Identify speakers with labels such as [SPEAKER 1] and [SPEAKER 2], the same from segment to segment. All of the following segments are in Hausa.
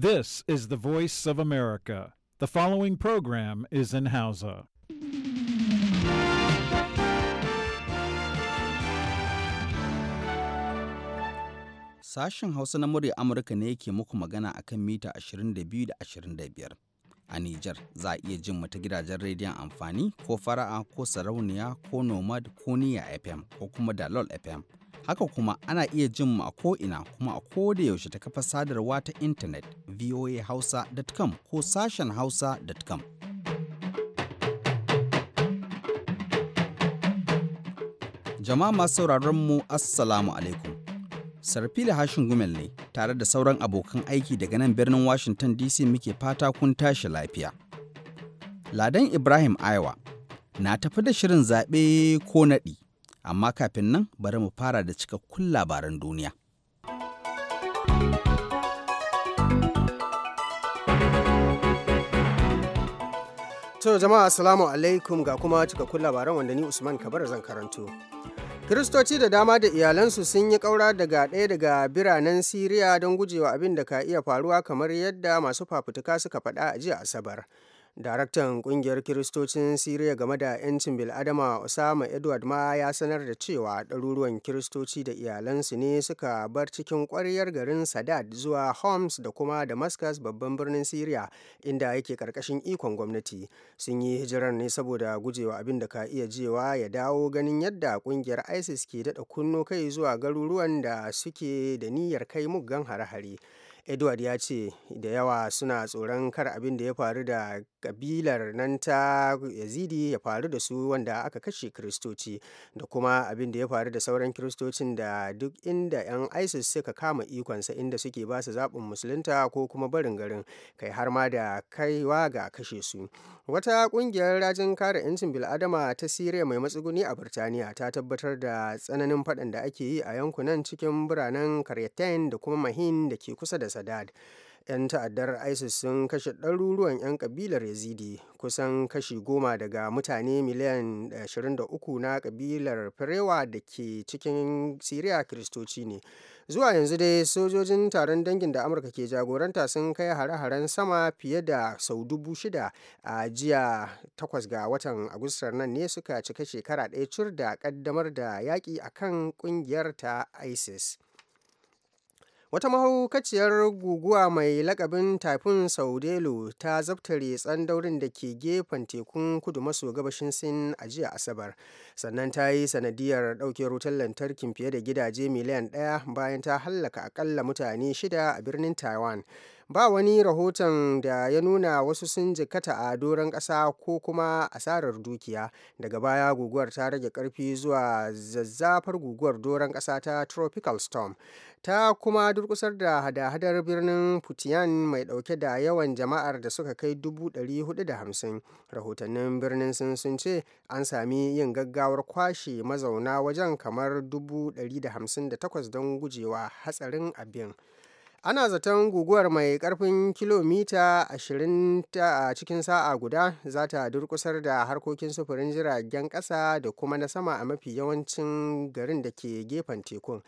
[SPEAKER 1] This is the voice of America. The following program is in Hausa.
[SPEAKER 2] Sashen Hausa na murya Amurka ne yake muku magana akan mita 22 da 25. A Nijar za a iya jin mu ta gidajen rediyon amfani ko fara'a ko sarauniya ko nomad ko niya FM ko kuma dalol FM. Haka kuma ana iya jin mu a ko'ina kuma a koda yaushe ta kafa sadarwa ta intanet voahausa.com ko sashen hausa.com. Jama'a masu sauraron mu Assalamu alaikum. Sarfila hashin gumel ne tare da sauran abokan aiki daga nan birnin Washington DC muke fata kun tashi lafiya. Ladan Ibrahim Aiwa na tafi da shirin zaɓe ko naɗi amma kafin nan bari mu fara da cikakkun labaran duniya.
[SPEAKER 3] To jama'a assalamu alaikum ga kuma cikakkun labaran wanda ni Usman Kabar zan karanto. Kiristoci da dama da iyalansu sun yi ƙaura daga ɗaya daga biranen Siriya don gujewa abin da ka iya faruwa kamar yadda masu fafutuka suka faɗa a jiya Asabar. Daraktan ƙungiyar Kiristocin Siriya game da 'yancin bil'adama Osama Edward ma ya sanar da cewa ɗaruruwan Kiristoci da iyalansu ne suka bar cikin ƙwariyar garin Sadat zuwa Homs da kuma Damascus babban birnin Siriya inda yake ƙarƙashin ikon gwamnati. Sun yi hijirar ne saboda gujewa abin da ka iya jewa ya dawo ganin yadda ƙungiyar ISIS ke daɗa kunno kai zuwa garuruwan da suke da niyyar kai muggan hare-hare. Edward ya ce da yawa suna tsoron kar abin da ya faru da kabilar nan ta yazidi ya faru da su wanda aka kashe kiristoci da kuma abin da ya faru da sauran kiristocin da duk inda 'yan isis suka kama ikonsa inda suke ba su zaɓin musulunta ko kuma barin garin kai har ma da kaiwa ga kashe su wata ƙungiyar rajin kare 'yancin bil'adama ta siriya mai matsuguni a birtaniya ta tabbatar da tsananin faɗan da ake yi a yankunan cikin biranen karyatain da kuma mahin da ke kusa da sadad 'yan ta'addar isis sun kashe ɗaruruwan 'yan kabilar yazidi kusan kashi goma daga mutane miliyan 23 na kabilar firewa da ke cikin siriya kiristoci ne zuwa yanzu dai sojojin taron dangin da amurka ke jagoranta sun kai hare-haren sama fiye da sau dubu shida a jiya takwas ga watan agustar nan ne suka cika shekara ɗaya cur da ƙaddamar da yaƙi akan ƙungiyar ta isis wata mahaukaciyar guguwa mai lakabin typhoon saudelo ta zaftare tsandaurin da ke gefen tekun kudu maso gabashin sin a jiya asabar sannan ta yi sanadiyar ɗauke wutar lantarkin fiye da gidaje miliyan ɗaya bayan ta hallaka akalla mutane shida a birnin taiwan ba wani rahoton da ya nuna wasu sun jikata a doron ƙasa ko kuma asarar dukiya daga baya guguwar ta rage ƙarfi zuwa zazzafar guguwar doron ƙasa ta tropical storm ta kuma durkusar da hada-hadar birnin putian mai ɗauke da yawan jama'ar da suka kai 450 rahotannin birnin sun sun ce an sami yin gaggawar kwashe mazauna wajen kamar 158 don gujewa hatsarin abin ana zaton guguwar mai karfin kilomita 20 a cikin sa'a guda za ta durkusar da harkokin sufurin jiragen kasa da kuma na sama a mafi yawancin garin da ke gefen tekun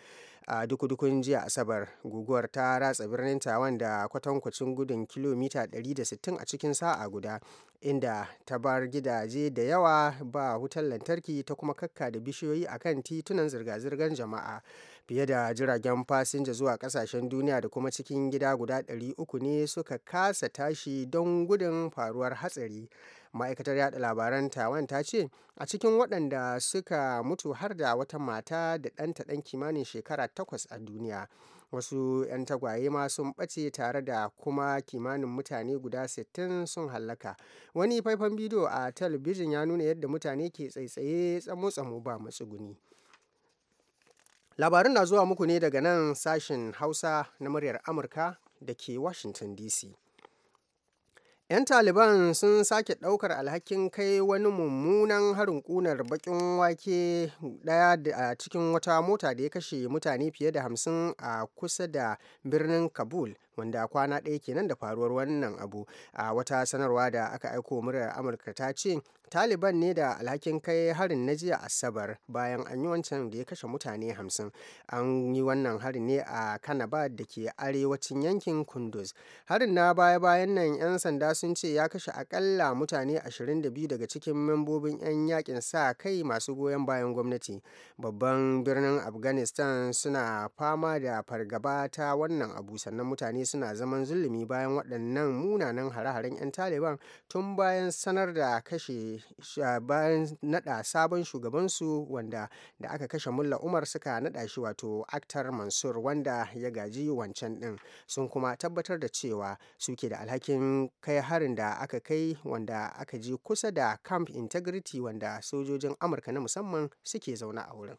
[SPEAKER 3] a dukudukun jiya asabar guguwar ta ratsa birnin tawan da kwatankwacin gudun kilomita 160 a cikin sa'a guda inda ta bar gidaje da yawa ba wutar lantarki ta kuma kakka da bishiyoyi a kan titunan zirga-zirgar jama'a fiye da jiragen fasinja zuwa kasashen duniya da kuma cikin gida guda 300 ne suka kasa tashi don gudun faruwar hatsari ma'aikatar yada labaran taiwan ta ce a cikin waɗanda suka mutu har da wata mata da ɗanta ɗan kimanin shekara takwas a duniya wasu 'yan tagwaye ma sun ɓace tare da kuma kimanin mutane guda 60 sun hallaka wani faifan bidiyo a talabijin ya nuna yadda mutane ke tsaitsaye tsamo-tsamo ba matsuguni. labarin na zuwa muku ne daga nan sashen hausa na muryar amurka da ke washington dc 'yan taliban sun sake ɗaukar alhakin kai wani mummunan harin kunar bakin wake daya a cikin wata mota da ya kashe mutane fiye da hamsin a kusa da birnin kabul wanda kwana ɗaya kenan da faruwar wannan abu a wata sanarwa da aka aiko murar amurka ta ce taliban ne da alhakin kai harin na jiya asabar bayan an yi wancan da ya kashe mutane hamsin an yi wannan harin ne a kanaba da ke arewacin yankin kunduz harin na baya-bayan nan 'yan sanda sun ce ya kashe akalla mutane 22 daga cikin membobin 'yan yakin sa kai masu goyon bayan gwamnati babban birnin afghanistan suna fama da fargaba ta wannan abu sannan mutane suna zaman zulumi bayan waɗannan munanan hare-haren 'yan taliban tun bayan sanar da kashe bayan naɗa sabon shugabansu wanda da aka kashe mulla umar suka naɗa shi wato aktar mansur wanda ya gaji wancan din sun kuma tabbatar da cewa suke da alhakin kai harin da aka kai wanda aka ji kusa da camp integrity wanda sojojin amurka na musamman suke zauna a wurin.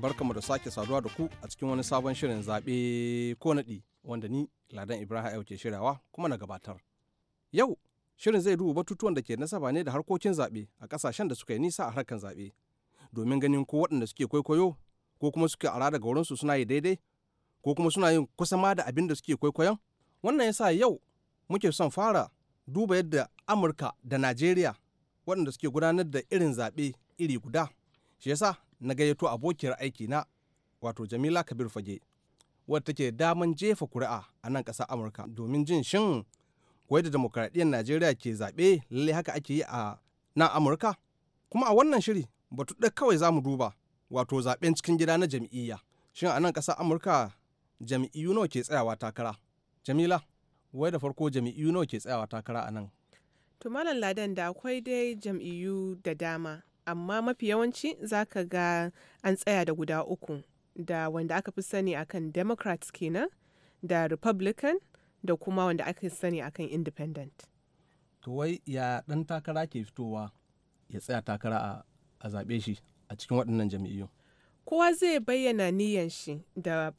[SPEAKER 4] barkamu da sake saduwa da ku a cikin wani sabon shirin zaɓe ko naɗi wanda ni Ladan Ibrahim ke shiryawa kuma na gabatar. Yau shirin zai duba batutuwan da ke nasaba ne da harkokin zaɓe a ƙasashen da suka yi nisa a harkar zaɓe domin ganin ko waɗanda suke kwaikwayo ko kuma suke ara daga wurinsu suna yi daidai ko kuma suna yin kusa ma da abin da suke kwaikwayon wannan yasa yau muke son fara duba yadda amurka da najeriya waɗanda suke gudanar da irin zaɓe iri guda shi yasa na gayyato abokiyar aiki na wato jamila kabir fage wadda take daman jefa kuri'a a nan ƙasar amurka domin jin shin kuwa da demokradiyyar najeriya ke zaɓe lallai haka ake yi a nan amurka kuma a wannan shiri batu ɗaya kawai za mu duba wato zaɓen cikin gida na jam'iyya shin a nan ƙasar amurka jam'iyyu nawa ke tsayawa takara jamila wai da farko jam'iyyu nawa ke tsayawa takara a nan
[SPEAKER 5] to ladan da akwai dai jam'iyyu da dama amma mafi yawanci za ka ga an tsaya da guda uku da wanda aka fi sani akan democrats kenan da republican da kuma wanda aka sani akan independent
[SPEAKER 4] to wai ya ɗan takara ke fitowa ya tsaya takara a zaɓe shi a cikin waɗannan jam'iyyu
[SPEAKER 5] kowa zai bayyana niyan shi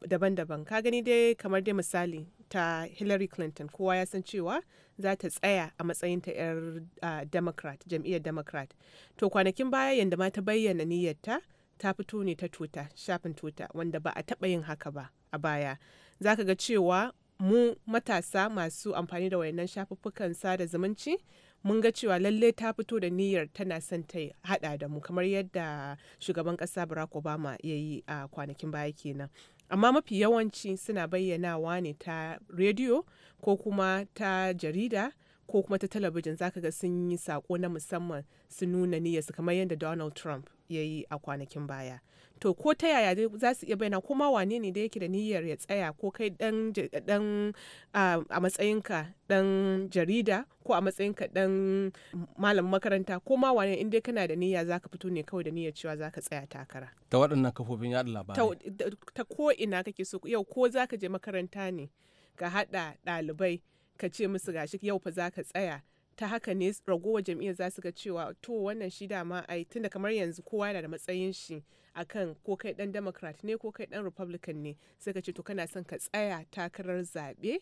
[SPEAKER 5] daban-daban ka gani dai kamar dai misali ta hillary clinton kowa ya san cewa za ta tsaya a matsayinta 'yar democrat jam'iyyar democrat to kwanakin baya yadda ma ta bayyana niyyarta ta fito ne ta tuta shafin tuta wanda ba a taɓa yin haka ba a baya za ka ga cewa mu matasa masu amfani da wayannan shafuffukan sada zumunci mun ga cewa lalle ta fito da niyyar tana son ta hada da mu kamar yadda shugaban kasa barack obama ya yi a kwanakin baya kenan amma mafi yawanci suna bayyanawa ne ta rediyo ko kuma ta jarida ko kuma ta talabijin zaka ga sun yi sako na musamman su nuna niyyarsu kamar yadda donald trump ya yi a kwanakin baya to ko ta yaya za su iya bayyana kuma wane ne da yake da niyyar ya tsaya ko kai dan a matsayinka dan jarida ko a matsayinka dan malam makaranta ko ma wane inda kana da niyya zaka fito ne kawai da niyyar cewa zaka tsaya takara
[SPEAKER 4] ta waɗannan kafofin yaɗa labarai
[SPEAKER 5] ta ko ina kake so yau ko zaka je makaranta ne ka haɗa ɗalibai ka ce musu gashi yau fa zaka tsaya ta haka ne ragowar jam'iyyar za su ga cewa to wannan shi dama ai tunda kamar yanzu kowa yana da matsayin shi akan ko kai dan democrat ne ko kai dan republican ne sai ka ce to kana son ka tsaya takarar zaɓe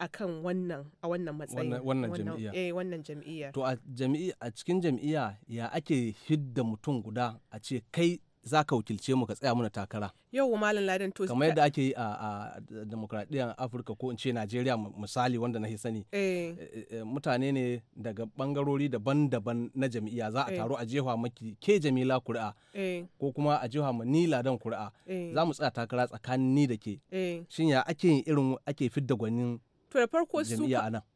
[SPEAKER 5] akan wannan a wannan matsayin wannan eh, jam'iyya to
[SPEAKER 4] a cikin jam'iyya ya ake hidda mutum guda a ce kai za ka wakilce mu ka tsaya mana takara
[SPEAKER 5] yau malam ladan to kamar yadda
[SPEAKER 4] ake yi a demokradiyyar afirka ko in ce najeriya misali wanda na sani eh. Eh, eh, mutane ne daga bangarori daban-daban na jami'a za a taro a jefa maki ke jamila kuri'a ko kuma a jefa ma ni ladan kuri'a za mu tsaya takara tsakanin ni da ke shin ya ake yin irin ake fidda gwanin
[SPEAKER 5] to da farko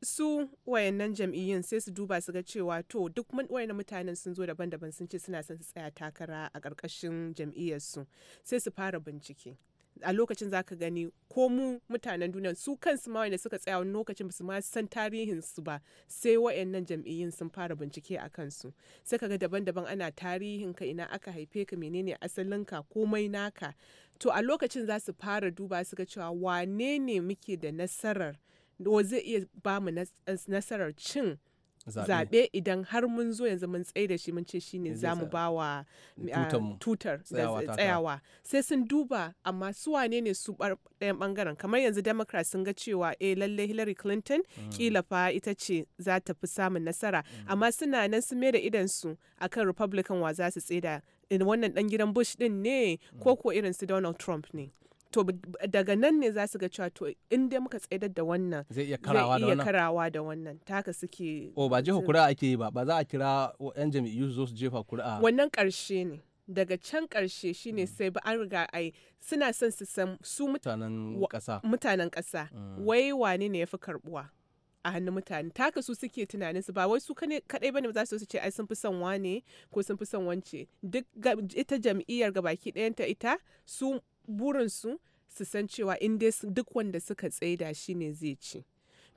[SPEAKER 5] su wayannan jam'iyyun sai su duba su ga cewa to duk wayannan mutanen sun zo daban-daban sun ce suna son su tsaya takara a ƙarƙashin jam'iyyarsu sai su fara bincike a lokacin zaka gani ko mu mutanen duniya su kansu ma wanda suka tsaya wani lokacin basu ma san tarihin su ba sai wayannan jam'iyyun sun fara bincike a kansu sai kaga daban-daban ana tarihin ka ina aka haife ka menene asalin ka komai naka to a lokacin za su fara duba su ga cewa wane ne muke da nasarar zai iya ba mu nasarar cin zaɓe idan har mun zo yanzu mun tsaye da shi mun ce shine za mu ba wa ah, tutar eh, tsayawa sai sun duba amma su wane ne su ɗayan ɓangaren kamar yanzu democrats sun ga cewa eh lalle hillary clinton mm. kila fa ita ce za ta fi samun nasara mm. amma suna nan su mai da idansu akan republican wa za su tsaye da wannan ɗan gidan bush ɗin ne mm. ko ko irin su donald trump ne to daga nan ne za su ga cewa to in dai muka tsaidar da wannan zai iya karawa da wannan karawa da wannan taka suke o ba jefa kura ake
[SPEAKER 4] yi ba ba za a kira yan jam'iyyu su zo su jefa kura.
[SPEAKER 5] wannan karshe ne daga can karshe shine mm. sai ba an riga ai suna son su san su
[SPEAKER 4] mutanen kasa mutanen
[SPEAKER 5] kasa mm. wai wane ne yafi karbuwa a hannun mutane taka su suke tunanin su ba wai su kadai bane za su ce ai sun fi son wane ko sun fi son wance duk ita jam'iyyar gabaki ta ita su burinsu su san cewa in dai duk wanda suka tsaida shi ne zai ci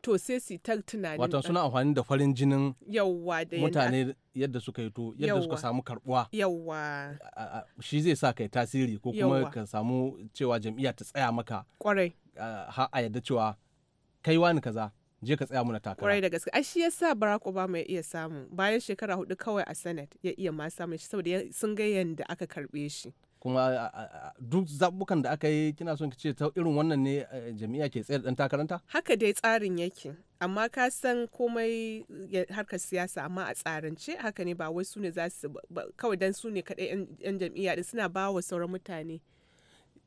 [SPEAKER 5] to sai su ta tunanin wato suna
[SPEAKER 4] amfani da farin jinin
[SPEAKER 5] yawwa da mutane
[SPEAKER 4] yadda suka yi to yadda suka samu karbuwa
[SPEAKER 5] yawwa
[SPEAKER 4] shi zai sa kai tasiri ko kuma ka samu cewa jam'iyya ta tsaya maka kwarai ha a yadda cewa kai wani kaza je ka tsaya muna takara. Kwarai
[SPEAKER 5] da gaske. Ai shi yasa Barack Obama ya iya samu bayan shekara hudu kawai a Senate ya iya ma samun shi saboda sun ga yadda aka karbe shi.
[SPEAKER 4] kuma duk zabukan da aka yi kina son ki ce ta irin wannan ne eh, jami'a ke tsaye dan takaranta
[SPEAKER 5] haka dai tsarin yake amma ka san komai harkar siyasa amma a tsarance haka ne ba wai su ne za su kawai dan su ne kaɗai yan jami'a da suna ba wa sauran mutane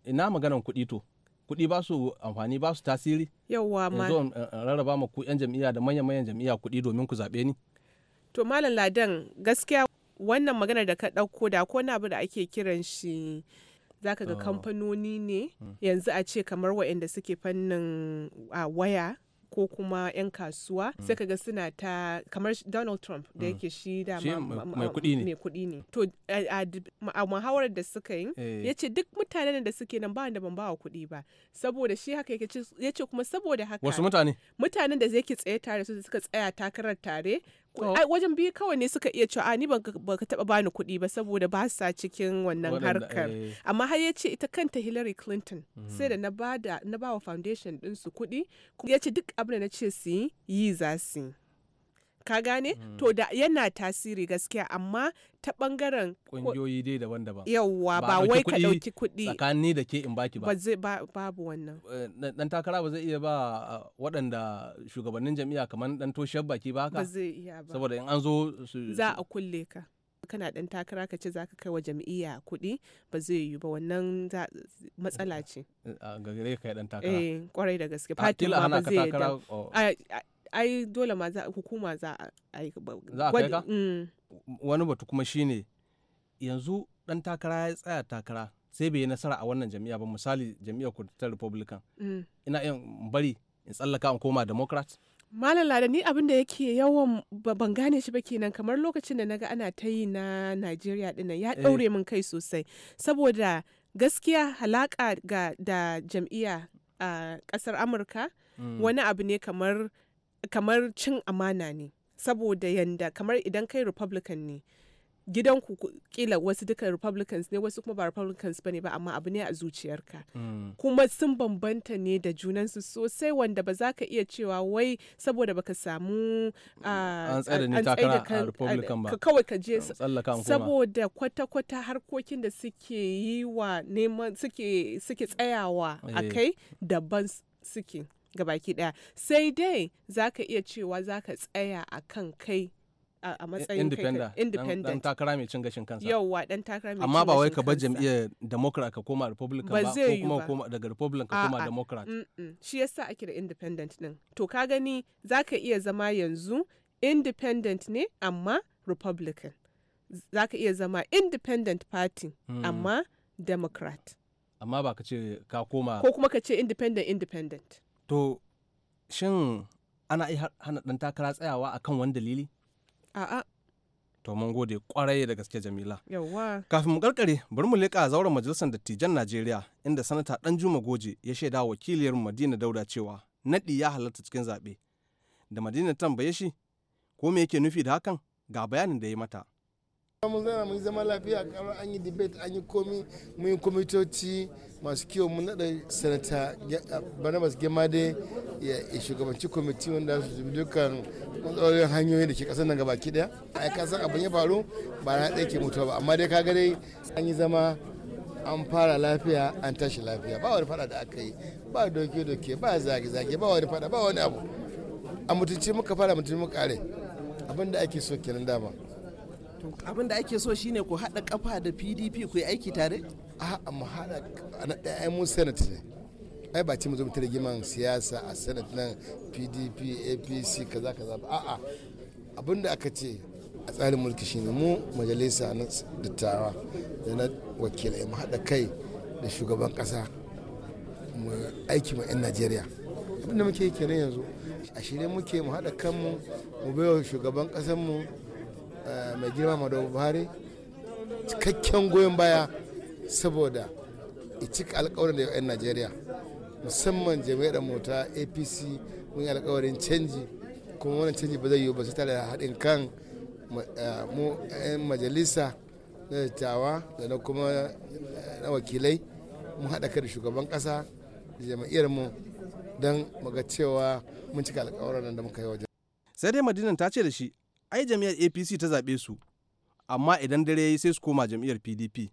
[SPEAKER 4] ina maganan kuɗi to kuɗi ba su amfani ba su tasiri yawa ma yanzu rarraba ma ku yan jami'a da manyan manyan jami'a kuɗi domin ku zabe ni
[SPEAKER 5] to malam ladan gaskiya wannan magana da ka ɗauko da ko na abu da ake kiran shi zaka ga ah. kamfanoni ne hmm. yanzu a ce kamar wa'anda suke fannin a waya ko kuma 'yan kasuwa hmm. sai ga suna ta kamar donald trump da hmm. yake shi da mai kuɗi ne to a muhawarar da suka yi eh. ya ce duk mutanen da suke nan ba da ban bawa kuɗi ba saboda shi haka ya ce kuma saboda haka wasu mutane mutanen da zai ke tsaye tare su suka tsaya takarar tare wajen biyu kawai ne suka iya cewa ni ba ka taba bani kuɗi ba saboda ba sa cikin wannan harkar eh. amma har ya ce ita kanta Hillary Clinton mhm. sai da na ba wa foundation ɗinsu kuɗi ya ce duk abin da na ce su yi za su yi ka gane mm. to da yana tasiri gaskiya amma ta bangaren kungiyoyi
[SPEAKER 4] dai daban daban yawwa ba wai ka dauki kuɗi tsakani da ke in baki ba
[SPEAKER 5] ba babu wannan dan eh,
[SPEAKER 4] takara ba zai iya ba waɗanda shugabannin jami'a kamar dan toshiyar baki ba ka ba zai iya ba saboda in an zo su. za a
[SPEAKER 5] kulle ka kana dan takara ka ce za ka kai wa jam'iyya kuɗi ba zai yiwu ba wannan matsala ce.
[SPEAKER 4] Eh, a gare ka dan takara. Eh kwarai da gaske. Fatima ba zai
[SPEAKER 5] ai dole ma za hukuma za a yi za a kai ka
[SPEAKER 4] mm. wani batu kuma shine yanzu dan takara ya tsaya takara sai bai yi nasara a wannan jami'a ba misali jami'ar kudutar ta republican mm. ina yin bari in tsallaka in koma democrat
[SPEAKER 5] malam lada ni abin da yake yawan ban gane shi ba kenan kamar lokacin da naga ana ta yi na nigeria dinnan ya daure eh. min kai sosai saboda gaskiya halaka ga da jam'iyya a kasar amurka mm. wani abu ne kamar kamar cin amana ne saboda yanda kamar idan kai republican ne gidanku kila wasu duka republicans ne wasu kuma ba republicans bane ba amma abu ne a zuciyarka mm. kuma sun bambanta ne da junansu sosai wanda ba za ka iya cewa wai saboda baka samu mm. ah, an tsaye da takara a republican ah, ba kawai ka je saboda kwata-kwata harkokin da suke yi wa neman suke tsayawa a eh. kai daban suke gabaki daya sai dai za ka iya cewa za ka tsaya a kan kai a matsayin independent dan
[SPEAKER 4] takara mai cin gashin kansa
[SPEAKER 5] yauwa dan takara mai amma ba wai ka bar
[SPEAKER 4] jam'iyyar democrat ka koma republican ba ko kuma koma daga republican ka koma democrat
[SPEAKER 5] shi yasa ake da independent din to ka gani zaka iya zama yanzu independent ne amma republican zaka iya zama independent party hmm. amma democrat
[SPEAKER 4] amma ba ka ce ka koma ko
[SPEAKER 5] kuma ka ce independent independent
[SPEAKER 4] To, shin ana iya hana ɗan takara tsayawa akan wani dalili? A'a. To mun gode kwarai da gaske Jamila. Yawwa. Kafin mu karkare bari mu leƙa zauren majalisar dattijan Najeriya inda sanata Danjuma Goje ya shaida wakiliyar Madina Dauda cewa naɗi ya halarta cikin zaɓe. Da Madina tambaye shi ko me yake nufi da hakan ga bayanin da ya mata.
[SPEAKER 6] mun zana mun zama lafiya kamar an yi debate an yi komi mun yi komitoci masu kiwo mun naɗa sanata barnabas gemade ya shugabanci komiti wanda su zubi dukkan matsalolin hanyoyin da ke kasar nan gabaki daya a kasan abin ya faru ba na ɗaya ke mutuwa ba amma dai ka ga dai an yi zama an fara lafiya an tashi lafiya ba wani fada da aka yi ba doke-doke ba zage-zage ba wani fada ba wani abu a mutunci muka fara mutunci muka kare abin da ake so kenan dama abin da ake so shine ku haɗa kafa da pdp ku yi aiki tare a mu haɗa na ɗaya mun senate ne ai ba ce mu zo mu rigiman siyasa a senate nan pdp apc kaza kaza ba a'a abin da aka ce a tsarin mulki shine mu majalisa na dattawa da na wakilai mu haɗa kai da shugaban ƙasa mu aiki ma 'yan najeriya abin da muke kenan yanzu a shirye muke mu haɗa kanmu mu wa shugaban ƙasarmu Eh, mai girma madawa buhari cikakken goyon baya saboda cika alkawarin da 'yan najeriya musamman jami'ar mota apc mun yi alkawarin canji kuma wannan canji ba zai yiwu ba su tare da haɗin kan eh, mu 'yan majalisa na dattawa da na kuma eh, na wakilai mun haɗa kai shugaban ƙasa da jami'ar mu don muga cewa mun cika alkawarin
[SPEAKER 4] da muka yi wajen sai dai madinan ta ce da shi ai jam'iyyar apc ta zaɓe su amma idan dare yayi sai su koma jam'iyyar pdp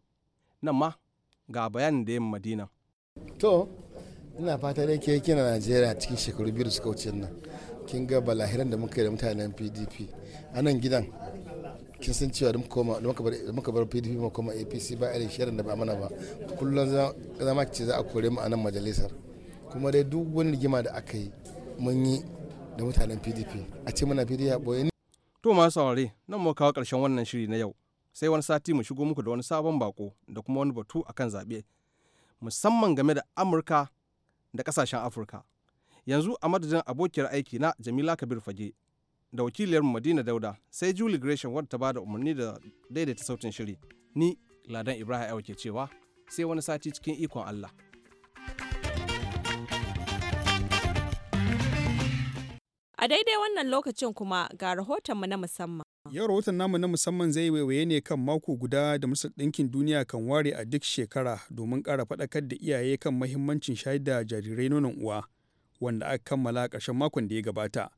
[SPEAKER 4] nan ma ga bayanin da yin madina
[SPEAKER 6] to ina fata dai ke kina najeriya cikin shekaru biyu da suka wuce nan kin ga balahiran da muka yi da mutanen pdp a nan gidan kin san cewa da muka bar pdp mu koma apc ba irin shirin da ba mana ba kullum zama ce za a kore mu a nan majalisar kuma dai duk wani rigima da aka yi mun yi da mutanen pdp a ce muna pdp boye ni
[SPEAKER 4] To masu saurare nan muka kawo ƙarshen wannan shiri na yau sai wani sati mu shigo muku da wani sabon bako da kuma wani batu akan zaɓe musamman game da Amurka da kasashen Afirka. Yanzu a madadin abokiyar aiki na Jamila Kabir Fage da wakiliyar Madina Dauda sai Julie Gresham wadda ta ba da umarni da daidaita sautin shiri. Ni Ladan Ibrahim Ayo ke cewa sai wani sati cikin ikon Allah.
[SPEAKER 1] A daidai wannan lokacin kuma ga rahotonmu na musamman.
[SPEAKER 2] Yau rahoton namu na musamman zai waiwaye ne kan mako guda da Majalisar Ɗinkin Duniya kan ware a duk shekara domin ƙara faɗakar da iyaye kan mahimmancin shayar da jarirai nonon uwa wanda aka kammala ƙarshen makon da ya gabata.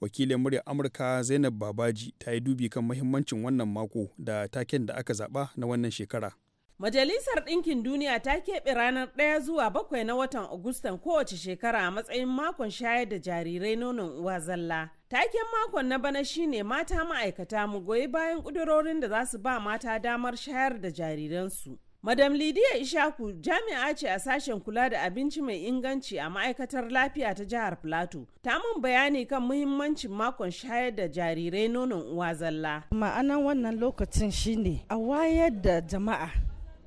[SPEAKER 2] Wakilin muryar Amurka Zainab Babaji ta yi dubi kan mahimmancin wannan mako da taken da aka zaɓa na wannan shekara.
[SPEAKER 1] Majalisar Ɗinkin Duniya ta keɓe ranar ɗaya zuwa bakwai na watan Agustan kowace shekara a matsayin makon shayar da jarirai nonon uwa zalla. Taken makon na bana shine mata ma'aikata mu goyi bayan ƙudurorin da za su ba mata damar shayar da jariransu. Madam Lidiya Ishaku jami'a ce a sashen kula da abinci mai inganci a ma'aikatar lafiya ta jihar Plateau. Ta mun bayani kan muhimmancin makon shayar da jarirai nonon uwa zalla.
[SPEAKER 7] Ma'anan wannan lokacin shine a wayar da jama'a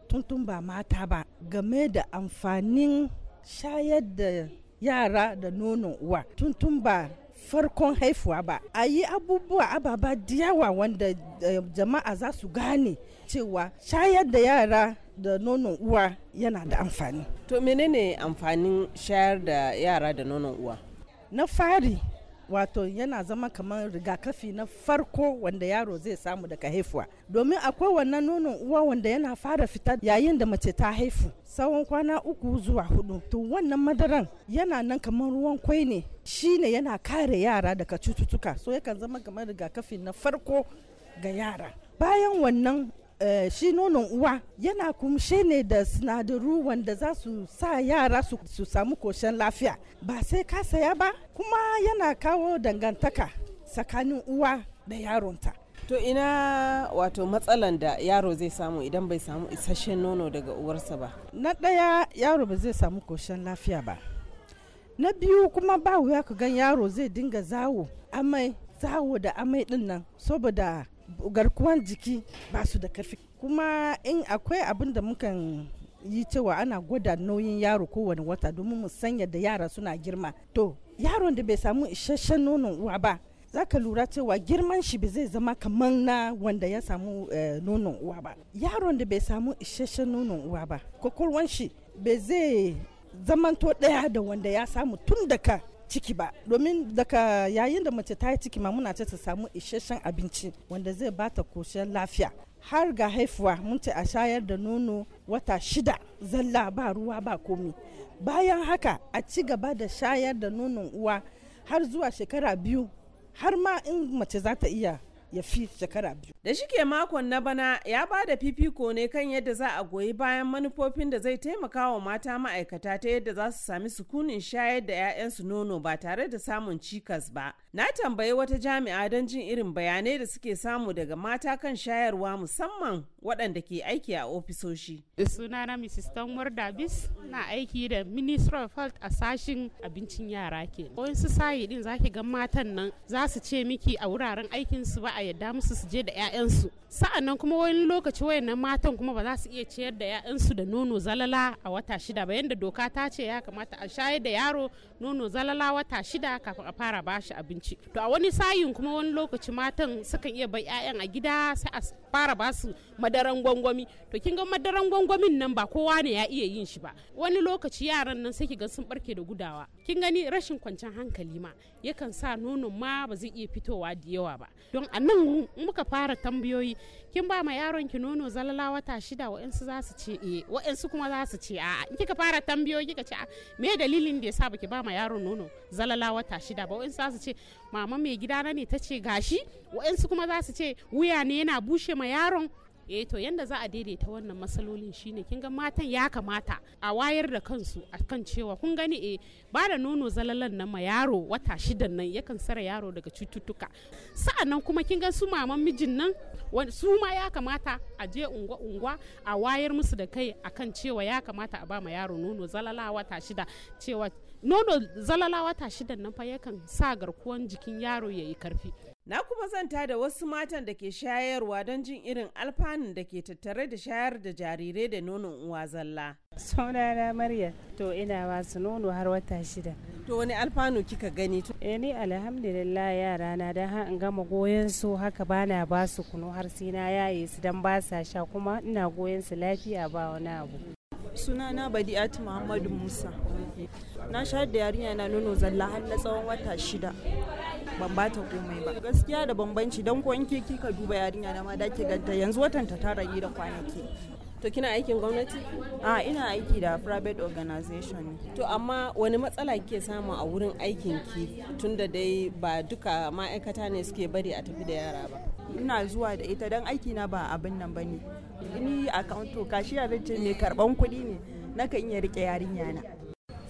[SPEAKER 7] tuntun ba mata ba game da amfanin shayar da yara da nonon uwa tuntun ba farkon haifuwa ba a yi abubuwa ababa diyawa wanda eh, jama'a za su gane cewa shayar da yara da nonon uwa yana da amfani to menene amfanin shayar da yara da nonon uwa na fari wato yana zama kamar rigakafi na farko wanda yaro zai samu daga haifuwa domin akwai wannan nonon uwa wanda yana fara fita yayin da mace ta haifu tsawon kwana uku zuwa hudu to wannan madaran yana nan kamar ruwan kwai ne shi ne yana kare yara daga cututtuka so yakan zama kamar rigakafi na farko ga yara bayan wannan Eh, shi nonon uwa yana kumshe ne da sinadaru wanda za su sa yara su samu koshin lafiya ba sai ka saya ba kuma yana kawo dangantaka tsakanin uwa da yaronta to ina wato matsalan
[SPEAKER 1] da yaro zai samu idan bai samu isasshen nono daga uwarsa ba
[SPEAKER 7] na ɗaya yaro ba zai samu koshin lafiya ba na biyu kuma ba wuya ka gan yaro zai dinga zawo amai zawo da amai din nan saboda garkuwan jiki ba su da karfi kuma in akwai abin da mukan yi cewa ana gwada nauyin yaro kowane wata domin mu san yadda yara suna girma to yaron da bai samu isasshen nonon uwa ba za ka lura cewa girman shi ba zai zama kamar na wanda ya samu eh, nonon uwa ba yaron da bai samu isasshen nonon uwa ba kwakwalwan shi ba zai zamanto ɗaya da wanda ya samu tun daga ciki ba domin daga yayin da mace ta yi ciki ma muna ce ta samu isasshen abinci wanda zai ba ta koshin lafiya har ga haifuwa mun ce a shayar da nono wata shida zalla ba ruwa ba komi bayan haka a ci gaba da shayar da nonon uwa har zuwa shekara biyu har ma in mace za ta iya ya fi shekara biyu.
[SPEAKER 1] Da shike makon na bana ya ba da fifiko ne kan yadda za a goyi bayan manufofin da zai taimaka wa mata ma'aikata ta yadda za su sami sukunin shayar da 'ya'yansu nono ba tare da samun cikas ba. Na tambayi wata jami'a don jin irin bayanai da suke samu daga mata kan shayarwa
[SPEAKER 8] musamman waɗanda ke aiki a ofisoshi. suna na Mrs. Tanwar Davis na aiki da Ministry of Health a sashin abincin yara ke. Wasu sayi din zaki ga matan nan za su ce miki a wuraren aikinsu ba a yadda musu su je da 'ya'yansu nan kuma wani lokaci wayannan matan kuma ba za su iya ciyar da 'ya'yansu da nono zalala a wata shida ba yadda doka ta ce ya kamata a shayar da yaro nono zalala wata shida kafin a fara bashi abinci to a wani sayin kuma wani lokaci matan sukan iya bai 'ya'yan a gida sai a fara basu madaran gwangwami to kin ga madaran gwangwamin nan ba kowa ne ya iya yin shi ba wani lokaci yaran nan sai ki ga sun barke da gudawa kin gani rashin kwanciyar hankali ma yakan sa nono ma ba zai iya fitowa da yawa ba don a nan muka fara tambayoyi kin ba ma yaron ki nono zalala wata shida wa'ansu za su ce eh wa'ansu kuma za su ce a'a in kika fara tambiyo kika ce me dalilin da yasa baki ba ma yaron nono zalala wata shida ba wa'ansu za su ce mama mai gida na ne ta ce gashi wa'ansu kuma za su ce wuya ne yana bushe ma yaron eh to yanda za a daidaita wannan matsalolin shine kin ga matan ya kamata a wayar da kansu akan cewa kun gani eh ba da nono zalalan nan ma yaro wata shidan nan yakan sara yaro daga cututtuka sa'annan kuma kin ga su maman mijin nan su ma ya kamata a je unguwa unguwa a wayar musu da kai akan cewa ya kamata a ba ma yaro nono zalala wata shida cewa nono zalala wata shidan nan fa yakan sa garkuwan jikin yaro yayi karfi Na kuma zanta da wasu matan da ke shayarwa don jin irin
[SPEAKER 1] alfanun da ke tattare da shayar da jarirai da nonon uwa zalla. Sunana Maryam to ina wasu nono har wata shida. To wani alfanu kika gani? E ni alhamdulillah yara na da hain gama goyon su haka bana ba su kunu har sai na yaye su dan ba sa sha kuma ina goyon su lafiya ba wani abu. sunana Badi Ati muhammadu musa na shayar da yarinya na Nuno zalla har na tsawon wata shida ban ba ta komai ba gaskiya da bambanci don ko ke ka duba yarinya na ma da ke ganta yanzu watan ta tara ni da kwanaki to kina aikin gwamnati a ina aiki da private organization to amma wani matsala kike samu a wurin aikin ki tunda dai ba duka ma'aikata ne suke bari a tafi da yara ba ina zuwa da ita don aiki na ba abin nan ba ne ni akaunto kashiya ce mai karban kuɗi ne na nakan iya rike yarinya
[SPEAKER 7] na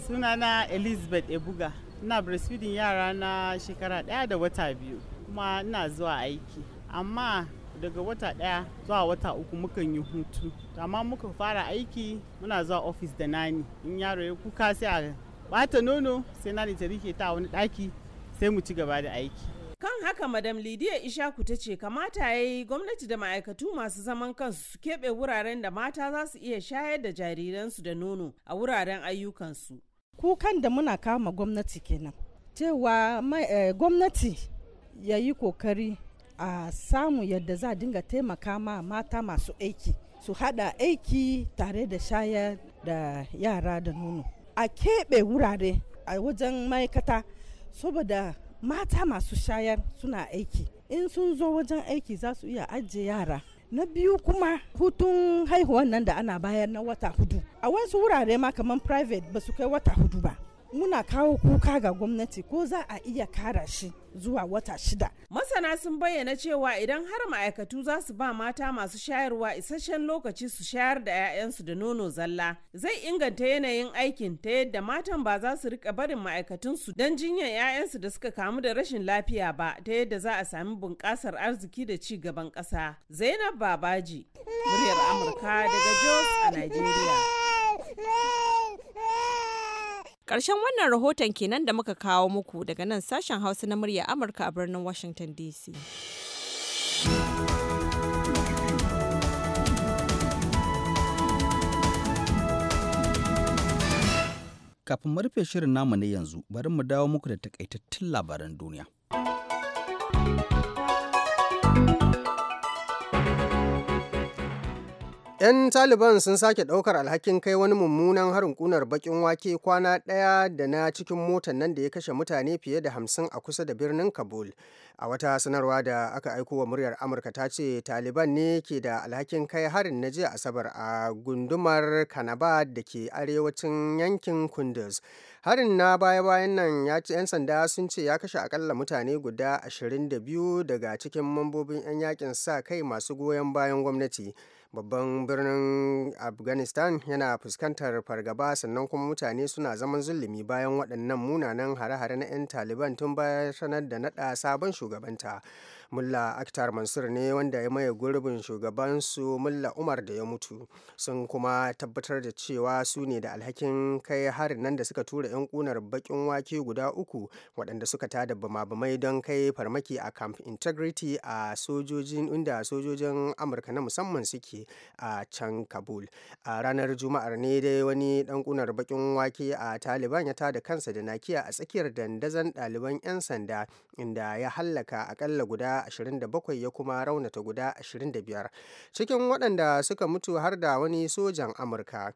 [SPEAKER 3] sunana elizabeth ebuga ina breastfeeding yara na shekara
[SPEAKER 2] ɗaya da wata biyu kuma ina zuwa aiki amma daga wata ɗaya zuwa wata uku mukan yi hutu amma muka fara aiki muna zuwa ofis da nani in
[SPEAKER 6] yaro ya kuka sai a bata nono sai nani ta rike ta wani ɗaki sai mu ci gaba da aiki
[SPEAKER 1] Kan haka Madam Lidiya Ishaku ta ce kamata ya yi gwamnati da ma'aikatu masu zaman kansu su keɓe wuraren da mata za su iya shayar da jariransu da nono a wuraren ayyukansu.
[SPEAKER 7] Kukan da muna kama gwamnati kenan. Cewa eh, gwamnati ya yi kokari a samu yadda za dinga taimaka ma mata masu aiki su hada aiki tare da shayar da yara da nono. A keɓe wurare a wajen ma'aikata saboda mata masu shayar suna aiki in sun zo wajen aiki za su iya ajiye yara na biyu kuma hutun haihuwan nan da ana bayar na wata hudu a wasu wurare ma kamar private ba su kai wata hudu ba muna kawo kuka ga gwamnati ko za a iya kara shi zuwa wata shida.
[SPEAKER 1] Masana sun bayyana cewa idan har ma'aikatu za su ba mata masu shayarwa isasshen lokaci su shayar da 'ya'yansu da nono zalla zai inganta yanayin aikin ta yadda matan ba za su rika barin ma'aikatunsu don jinyar 'ya'yansu da suka kamu da rashin lafiya ba ta yadda za a sami bunƙasar arziki da ci gaban ƙasa. Zainab Babaji, muryar Amurka daga Jos a Najeriya. Ƙarshen wannan rahoton kenan da muka kawo muku daga nan sashen Hausa na murya Amurka a birnin Washington DC.
[SPEAKER 2] Kafin mu rufe shirin namu na yanzu, bari mu dawo muku da takaitattun labaran duniya.
[SPEAKER 3] 'Yan Taliban sun sake daukar alhakin kai wani mummunan harin kunar bakin wake kwana daya da na cikin motar nan da ya kashe mutane fiye da hamsin a kusa da birnin Kabul. A wata sanarwa da aka aiko wa muryar Amurka ta ce Taliban ne ke da alhakin kai harin na jiya Asabar a gundumar Kanabad da ke arewacin yankin Kunduz. Harin na baya-bayan nan ya ce 'yan sanda sun ce ya kashe akalla mutane guda 22 daga cikin mambobin 'yan yakin sa kai masu goyon bayan gwamnati. babban birnin afghanistan yana fuskantar fargaba sannan kuma mutane suna zaman zulumi bayan waɗannan munanan hare-hare na 'yan taliban tun bayan sanar da naɗa sabon shugabanta mulla aktar mansur ne wanda ya maye gurbin shugabansu mulla umar da ya mutu sun kuma tabbatar da cewa su ne da alhakin kai harin nan da suka tura 'yan kunar bakin wake guda uku waɗanda suka tada bama-bamai don kai farmaki a camp integrity a sojojin inda sojojin amurka na musamman suke a can kabul a ranar juma'ar ne dai wani ɗan kunar bakin wake a taliban ya tada kansa da nakiya a tsakiyar dandazon ɗaliban 'yan sanda inda ya hallaka akalla guda 27 ya kuma raunata guda 25 cikin waɗanda suka mutu har da wani sojan amurka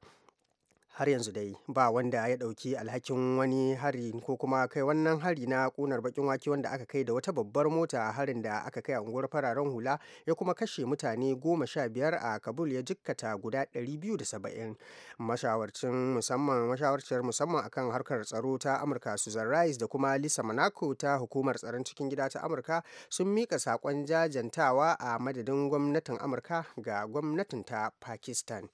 [SPEAKER 3] har yanzu dai ba wanda ya ɗauki alhakin wani hari ko kuma kai wannan hari na ƙunar bakin wake wanda aka kai da wata babbar mota a harin da aka kai a unguwar fararen hula ya kuma kashe mutane goma sha biyar a kabul ya jikkata guda ɗari biyu da saba'in mashawarcin musamman mashawarciyar musamman akan harkar tsaro ta amurka suzan rice da kuma lisa monaco ta hukumar tsaron cikin gida ta amurka sun mika saƙon jajantawa a madadin gwamnatin amurka ga gwamnatin ta pakistan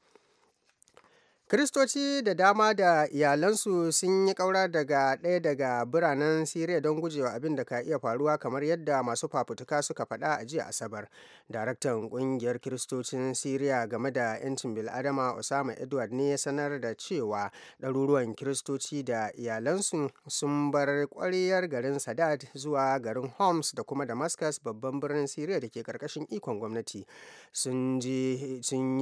[SPEAKER 3] Kiristoci da dama da iyalansu sun yi ƙaura daga ɗaya daga biranen Siriya don gujewa abin da ka iya faruwa kamar yadda masu fafutuka suka faɗa a jiya Asabar. Daraktan ƙungiyar Kiristocin Siriya game da 'yancin bil'adama Osama Edward ne ya sanar da cewa ɗaruruwan Kiristoci da iyalansu sun bar ƙwariyar garin Sadat zuwa garin Homs da kuma Damascus babban birnin Siriya da ke ƙarƙashin ikon gwamnati. Sun yi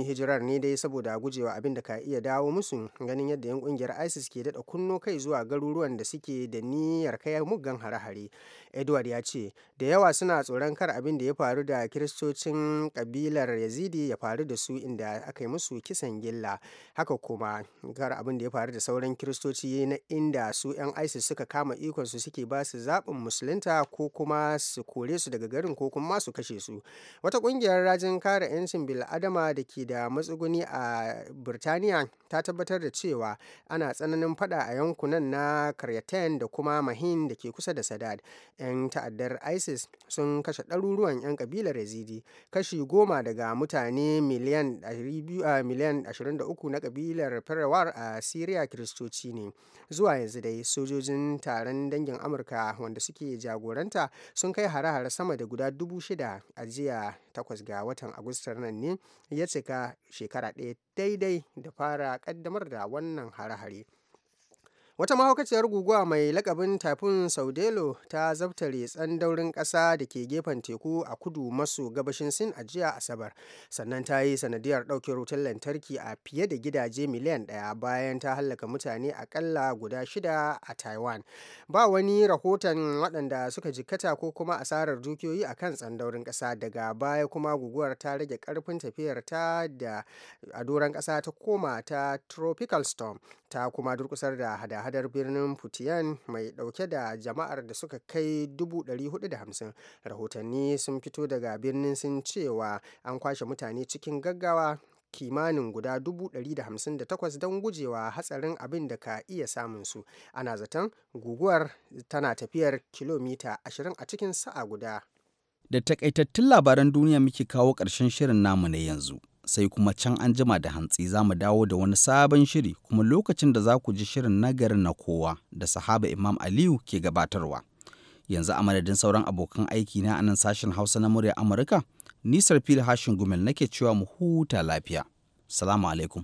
[SPEAKER 3] hijirar ne dai saboda gujewa abin da ka iya dawo musu ganin yadda 'yan kungiyar isis ke dada kunno kai zuwa garuruwan da suke da niyyar kai muggan hare-hare edward ya ce da yawa suna tsoron kar abin da ya faru da kiristocin kabilar yazidi ya faru da su inda aka yi musu kisan gilla haka kuma kar abin da ya faru da sauran kiristoci na inda su 'yan isis suka kama ikon su suke ba su zaɓin musulunta ko kuma su kore su daga garin ko kuma su kashe su wata ƙungiyar rajin kare 'yancin bil'adama da ke da matsuguni a birtaniya ta tabbatar da cewa ana tsananin fada a yankunan na karyatan da kuma mahin da ke kusa da sadad 'yan ta'addar isis sun kashe ɗaruruwan 'yan kabilar yazidi kashi goma daga mutane miliyan 23 na kabilar farawar a syria kiristoci ne zuwa yanzu dai sojojin taron dangin amurka wanda suke jagoranta sun kai hare-hare sama da guda dubu shida a jiya takwas ga watan agustar nan ne ya cika shekara ɗaya daidai da fara ƙaddamar da wannan hare-hare wata mahaukaciyar guguwa mai lakabin tafin saudelo ta zabtare tsandaurin ƙasa da ke gefen teku a kudu maso gabashin sin a jiya asabar sannan ta yi sanadiyar ɗauke rutar lantarki a fiye da gidaje miliyan ɗaya bayan ta hallaka mutane akalla guda shida a taiwan ba wani rahoton waɗanda suka jikkata ko kuma asarar dukiyoyi a kan tsandaurin ƙasa daga baya kuma guguwar ta rage ƙarfin tafiyar ta da a doron ƙasa ta koma ta tropical storm ta kuma durƙusar da hada hadar birnin Putian mai dauke da jama'ar da suka kai 450 rahotanni sun fito daga birnin sun cewa an kwashe mutane cikin gaggawa kimanin guda 158 don gujewa hatsarin abin da ka iya samun su ana zaton guguwar tana tafiyar kilomita 20 a cikin sa'a guda
[SPEAKER 2] da takaitattun labaran duniya muke kawo ƙarshen shirin namu na yanzu sai kuma can an jima da hantsi za mu dawo da wani sabon shiri kuma lokacin da za ku ji shirin nagari na kowa da sahaba Imam Aliyu ke gabatarwa. Yanzu a madadin sauran abokan aiki na anan sashen Hausa na murya Amurka, nisar fili hashin gumel nake cewa mu huta lafiya. Salamu alaikum.